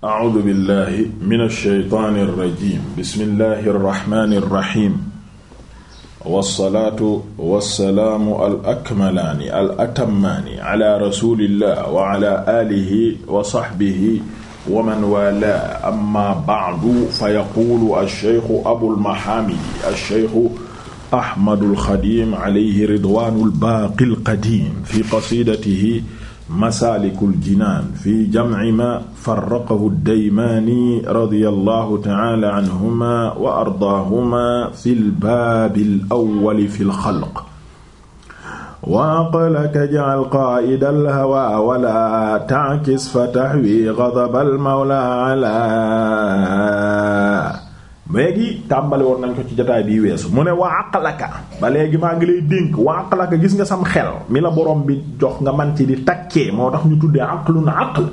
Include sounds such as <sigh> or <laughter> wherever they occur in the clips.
A'uuzu billaahi mina shaytaani rajiim bismillaahi rahmaani rahiim wassalaatu wassalaamu al akmalaani al atammaani ala rasuulillaah wa ala aalihi wa sahbihi wa man waalaahu ammaa ba'du fa yaquulu ash-shaykhu abul mahaamidi ash-shaykhu Ahmadul Xadiim alayhi ridwaanul baaqil qadiim fi qasiidatihi masaalikul jinaan fi jamci ma farraqahu daymaani radiyallahu ta'ala anhuma wa ardaahuma fil baabil awwali fil xalq. wa aqlaka ja'al qaa'idal hawaa wala ta'kis fa taxwi ghadabal mawlaa ala léegi tàmbali woon nañ ko ci jotaay bi weesu mu ne wa aqlaka ba léegi maa ngi lay dénk wa aqlaka gis nga sam xel mi la borom bi jox nga man ci di takkee moo tax ñu tuddee aqlun aql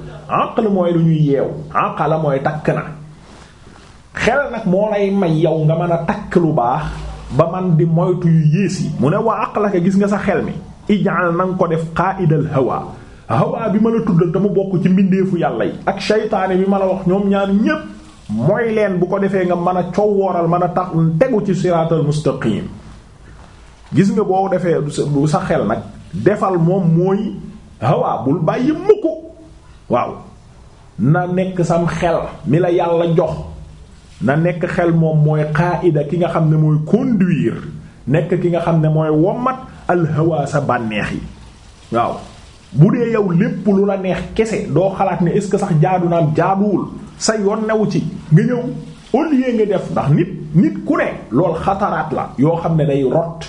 aql mooy lu ñuy yeew aqala mooy takk na xel nag moo lay may yow nga mën a takk lu baax ba man di moytu yu yées yi mu ne wa aqlaka gis nga sa xel mi ijal na nga ko def qaidal hawa hawa bi mën a tuddal te mu bokk ci mbindeefu yàlla yi ak shaytaane bi ma la wax ñoom ñaar ñépp mooy leen bu ko defee nga mën a coow wooral mën a tax tegu ci siraatal mustaqim gis nga boo defee du sa xel nag defal moom mooy hawa bul bàyyi mukk waaw na nekk sam xel mi la yàlla jox na nekk xel moom mooy qaida ki nga xam ne mooy conduire nekk ki nga xam ne mooy wommat alhawa sa bànneex yi waaw bu dee yow lépp lu la neex kese doo xalaat ne est-ce que sax jaadu naam jaaduwul sa yoon newu ci nga ñëw au lieu nga def ndax nit nit ku ne lool xataraat la yoo xam ne day rot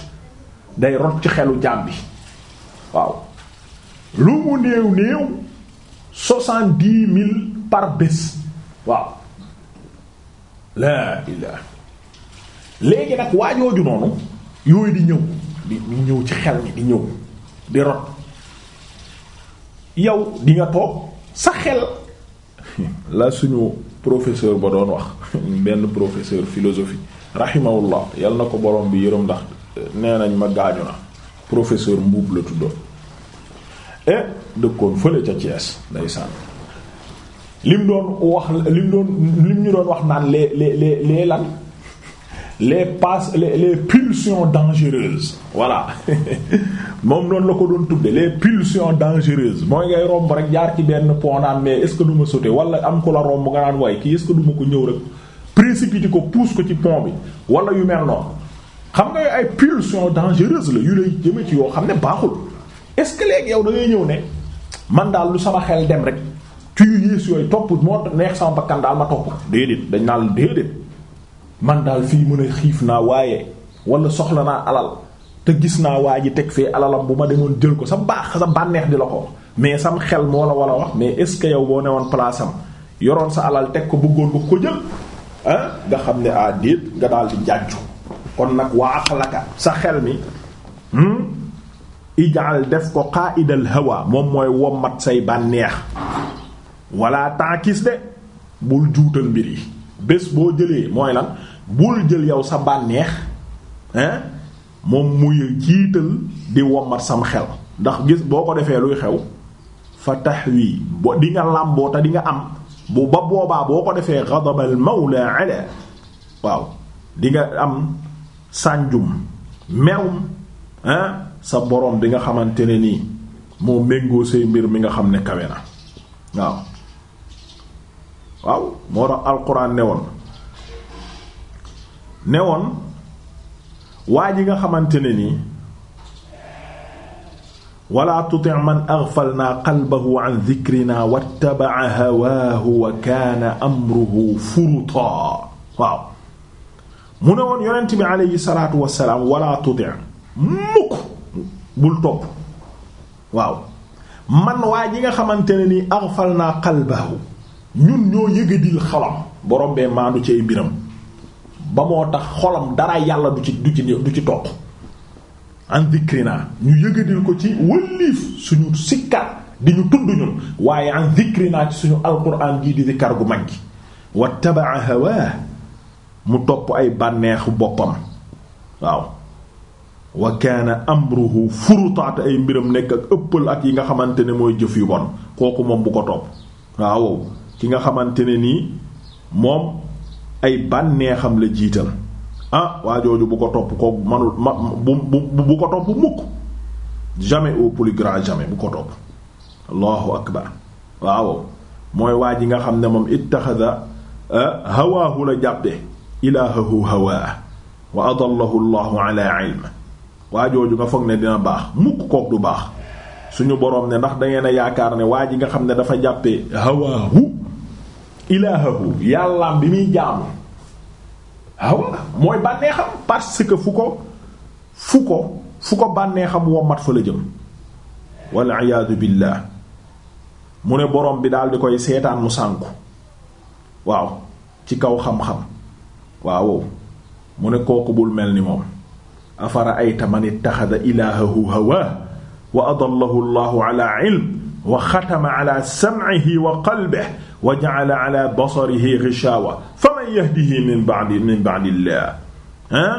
day rot ci xelu jaam bi waaw lu mu néew néew soixante waaw laa ilaa léegi nag waajooju noonu yooyu di ñëw di ñëw ci xel ni di ñëw di rot yow di nga toog sa xel <laughs> la suñu professeur ba doon wax benn professeur philosophie rahimahullah yal na ko borom bi yërëm ndax nee nañ ma gaañu na professeur mbuub la tuddoon e dëkkoon fële ca Thiès ndeysaan lim doon wax lim doon lim ñu doon wax naan les les les les lan les passes les les pulsions dangereuses voilà <laughs> moom noonu la ko doon tudde les pulsions dangereuses mooy ngay romb rek jaar ci benn pont naan mais est-ce que du ma wala am ko la romb nga naan waaye kii est ko ñëw rek précipiter ko pousse ko ci pont bi wala yu mel noonu xam nga ay pulsions dangereuses la yu lay jëme ci yoo xam ne baaxul est-ce que léegi yow da ngay ñëw ne man daal lu sama xel dem rek ci yu yées yooyu topp moo neex sama bakkan daal ma topp déedéet dañ man daal fii mu a xiif naa waaye wala soxla naa alal te gis naa waa ji teg fee alalam bu ma demoon jël ko sa baax sa bànneex di la ko mais sam xel moo la war a wax mais est ce que yow boo newoon place am yoroon sa alal teg ko bëggoon ko ko nga xam ne ah nga daal di jàjju kon nag waa xalaka sa xel mi hmm? ijaal def ko qaidal hawa moom mooy wommat say bànneex wala taakis de bul juutal mbir yi bés boo jëlee mooy lan bul jël yow sa bànneex hein moom muy jiital di wommat sam xel ndax gis boo ko defee luy xew fa taxwi bo di nga làmboo te di nga am bu ba boobaa boo ko defee gadabal mawla ala waaw dinga am sànjum merum hein sa borom bi nga xamante ne nii moo méngoo say mbir mi nga xam ne kawe na waaw waaw moo tax alquran ne woon ne woon waa ji nga xamante ne nii wala tuti man aghfalna qalbahu an dhikrina wattaba'a hawaahu wa kaana amruhu furuta waaw mu ne woon yonent bi alayhi salaatu wassalaam wala tuti mukk bul topp waaw man waa ji nga xamante ne nii aghfalna qalbahu ñun ñoo yëgadil xolam borom bee maandu ci mbiram ba moo tax xolam dara yàlla du ci du ci du ci toq an zikrina ñu yëgadil ko ci wëlliif suñu sikkar di ñu tudd ñun waaye an zikrina ci suñu alquran gii di zikkar gu mag gi wa tabaa hawaa mu topp ay bànneexu boppam waaw wa kaana amruhu furutaat ay mbiram nekk ak ëppal ak yi nga xamante ne mooy jëf yu bon kooku moom bu ko topp waaw ki nga xamante ne nii moom ay bànneexam la jiital ah waa jooju bu ko topp ko manul ma bu bu bu ko topp mukk jamais au plus grand bu ko topp allahu akbar waaw mooy waa ji nga xam ne moom ittaxada ah, hawaahu la jàppe ilaahahu hawaa wa adallahu allahu ala ilm waa jooju nga foog ne dina baax mukk kook du baax suñu boroom ne ndax dangeen a yaakaar ne waa ji nga xam ne dafa jàppe hawaahu ilaahahu yàllaam bi muy jaamu waaw mooy bànneexam parce fu ko fu ko fu ko bànneexam wommat fa la jëm wal iyaadu billaah mu ne borom bi daal di koy seetaan mu sànku waaw ci kaw xam-xam waaw mu ne kooku bul mel ni moom afara ayta man ittaxada ilaahahu hawaa wa adallahu allahu ala ilm wa xatama ala sam'ihi wa wa ja'ala ala basarihi ghishawa faman yahdihi min ba'di min ba'dillah ah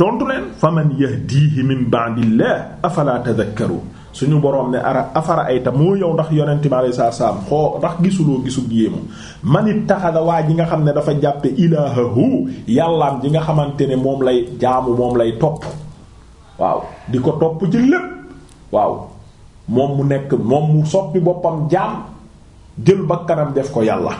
tontu leen faman yahdihi min ba'dillah afala tadhakkarun suñu boroom ne ara afara yow ndax yonente bi gisuloo gisul man ittaxada waa ji nga xam ne dafa jàppe ilaahahu yàllaam ji nga xamante ne moom lay jaamu moom lay topp waaw di ko topp ci lépp waaw moom mu nekk moom mu soppi boppam jaam jël bakkanam def ko yàlla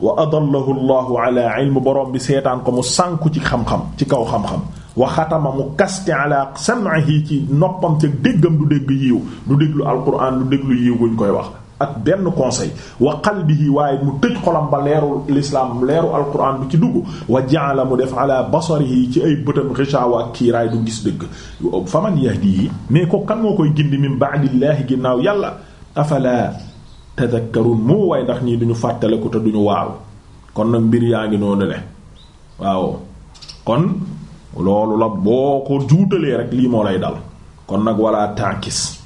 wa adallahu llahu ala ilm borom bi seetaan ko mu sànku ci xam-xam ci kaw xam-xam wa xatama mu kaste ala sam'ihi ci noppam ca déggam du dégg yiw du déglu alquran du déglu yiw buñ koy wax ak benn conseil wa qalbihi waaye mu tëj xolam ba leeru lislaam leeru alquran bi ci dugg wa ja'ala mu def ala yi ci ay bëtam xichaawa ak kiiraay du gis dëgg faman yahdihi mais ko kan moo koy gindi min ba'dillahi ginnaaw yàlla afala tadhakkarun moo waaye ndax ñii duñu fàttale ko te duñu waaw kon nag mbir yaa ngi noonu le waaw kon loolu la boo ko juutalee rek lii moo lay dal kon nag wala tankis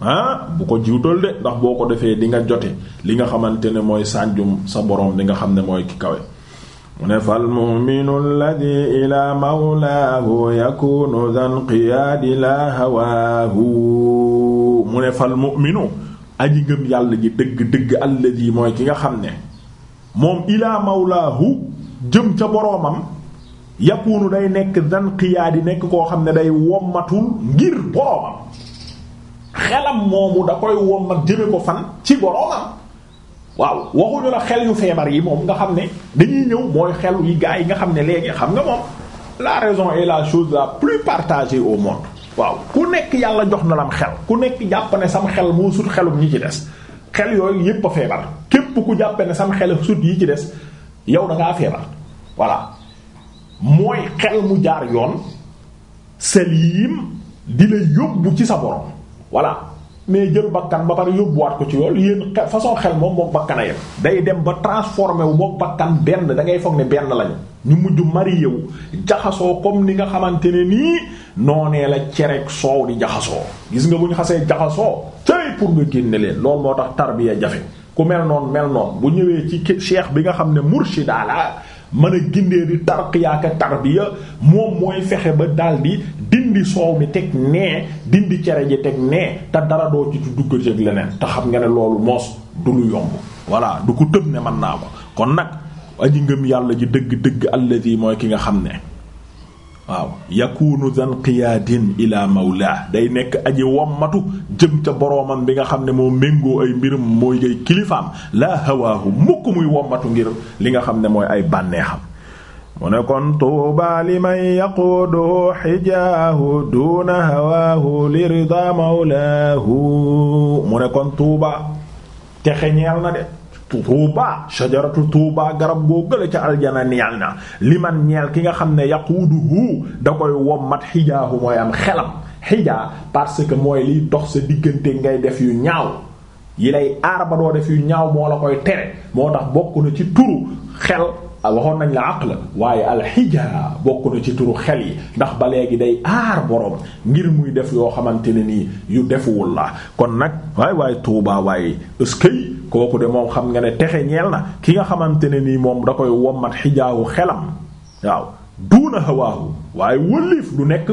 ah bu ko jiwtal de ndax boo ko defee di nga jote li nga xamante ne mooy sànjum sa borom li nga xam ne mooy ki kawe mu ne fal mu'minu alladhi ila mawlaahu yakunu dhan qiyaadi la hawaahu ngëm yàlla ji dëgg dëgg alladhi mooy ki nga xam ne moom ilaa mawlaahu jëm ca boroomam yakunu day nekk dhan qiyaadi nekk koo xam ne day wommatul ngir boroomam xelam moomu da koy wommat jëme ko fan ci boroomam waaw waxuñu la xel yu feebar yi moom nga xam ne dañuy ñëw mooy xel yi gaa yi nga xam ne léegi xam nga moom la raison est la chose la plus partagée au monde waaw ku nekk yàlla jox na lam xel ku nekk jàpp ne sam xel moo sut xelum ñi ci des xel yooyu yépp a feebar képp ku jàppe ne sam xel sut yi ci des yow dangaa feebar voilà mooy xel mu jaar yoon saliim di la yóbbu ci sa borom voilà mais jël bakkan ba pare yóbbuwaat ko ci yool yéen façon xel moom moom bakkan a yem day dem ba transformé wu moom bakkan benn da ngay foog ne benn lañu ñu mujj mari wu jaxasoo comme ni nga xamante ne nii noonee la cerek soow di jaxasoo gis nga bu ñu xasee jaxasoo tey pour nga génne leen loolu moo tax tarbiya jafe ku mel noonu mel noonu bu ñëwee ci cheikh bi nga xam ne murshida la mën a gindee di tarqiyaaka tarbiya moom mooy fexe ba daldi dindi soow mi teg nee dindi cere ji teg nee te dara doo ci duggateeg leneen te xam nga ne loolu moos du lu yomb voilà du ko tëb ne mën naa ko kon nag ji ngëm yàlla ji dëgg dëgg alladi mooy ki nga xam ne waaw yakunu dan qiyaadin ila mawla day nekk aji wommatu jëm ca boroomam bi nga xam ne moo méngoo ay mbirum mooy ngay kilifaam la hawaahu mukk muy wommatu ngir li nga xam ne mooy ay bànneexam mu ne kon tuuba liman yaquuduhu xijaahu duuna hawaahu li rida mawlaahu mu ne kon tuuba texe ñeel na de tuuba shajaratu tuuba garab goo gële ca aljana neel na liman ñeel ki nga xam ne yaquuduhu da koy wommat xijaahu mooy am xelam xijaa parce que mooy liy dox sa diggante ngay def yu ñaaw yi lay aar doo def yu ñaaw moo la koy tere moo tax bokk na ci turu xel waxoon nañ la aql waaye alxija bokk na ci turu xel yi ndax ba léegi day aar boroom ngir muy def yoo xamante ne nii yu defuwul la kon nag waaye waaye tuubaa waaye ëskay kooku de moom xam nga ne texe ñeel na ki nga xamante ne nii moom da koy wommat xijaawu xelam waaw duuna hawaahu waaye wëlif du nekk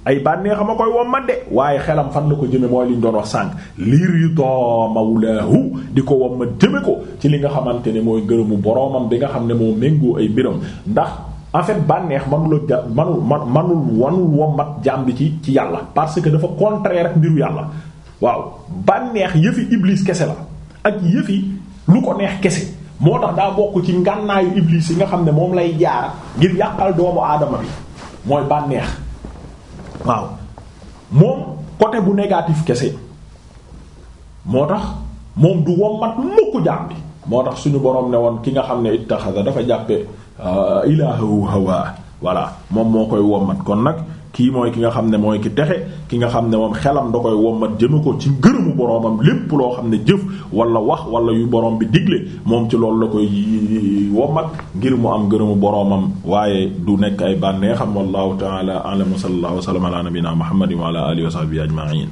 ay bànneexa ma koy wom man de waaye xelam fan la ko jëme mooy li ñu doon wax sànq liir yu doo mawlaahu di ko wom ma jëme ko ci li nga xamante ne mooy gërëmu boromam bi nga xam ne moo méngoo ay mbiram ndax en fait bànneex manula ja manul man manul wanul wommat jaam bi ci ci yàlla parce que dafa contraire ak mbiru yàlla waaw bànneex yëfi iblis kese ak yëfi lu ko neex kese moo tax daa bokk ci ngànnaayu iblis yi nga xam ne moom lay jaar ngir yàqal doomu aadama bi mooy bànneex waaw moom côté bu négatif kese moo tax moom du wommat mukk jaam bi moo tax suñu borom ne woon ki nga xam ne ittaxasa dafa jàppe euh, ilaahu hawa voilà moom moo koy wommat kon nag kii mooy ki nga xam ne mooy ki texe ki nga xam ne moom xelam da koy wommat jëme ko ci ngërëmu boroomam lépp loo xam ne jëf wala wax wala yu borom bi digle moom ci loolu la koy wommat ngir mu am ngërëmu boroomam waaye du nekk ay bànneexam wallahu taala alam wa sallallahu wa sallam ala nabina muhammadin wa ala bi wa sahbihi ajma'in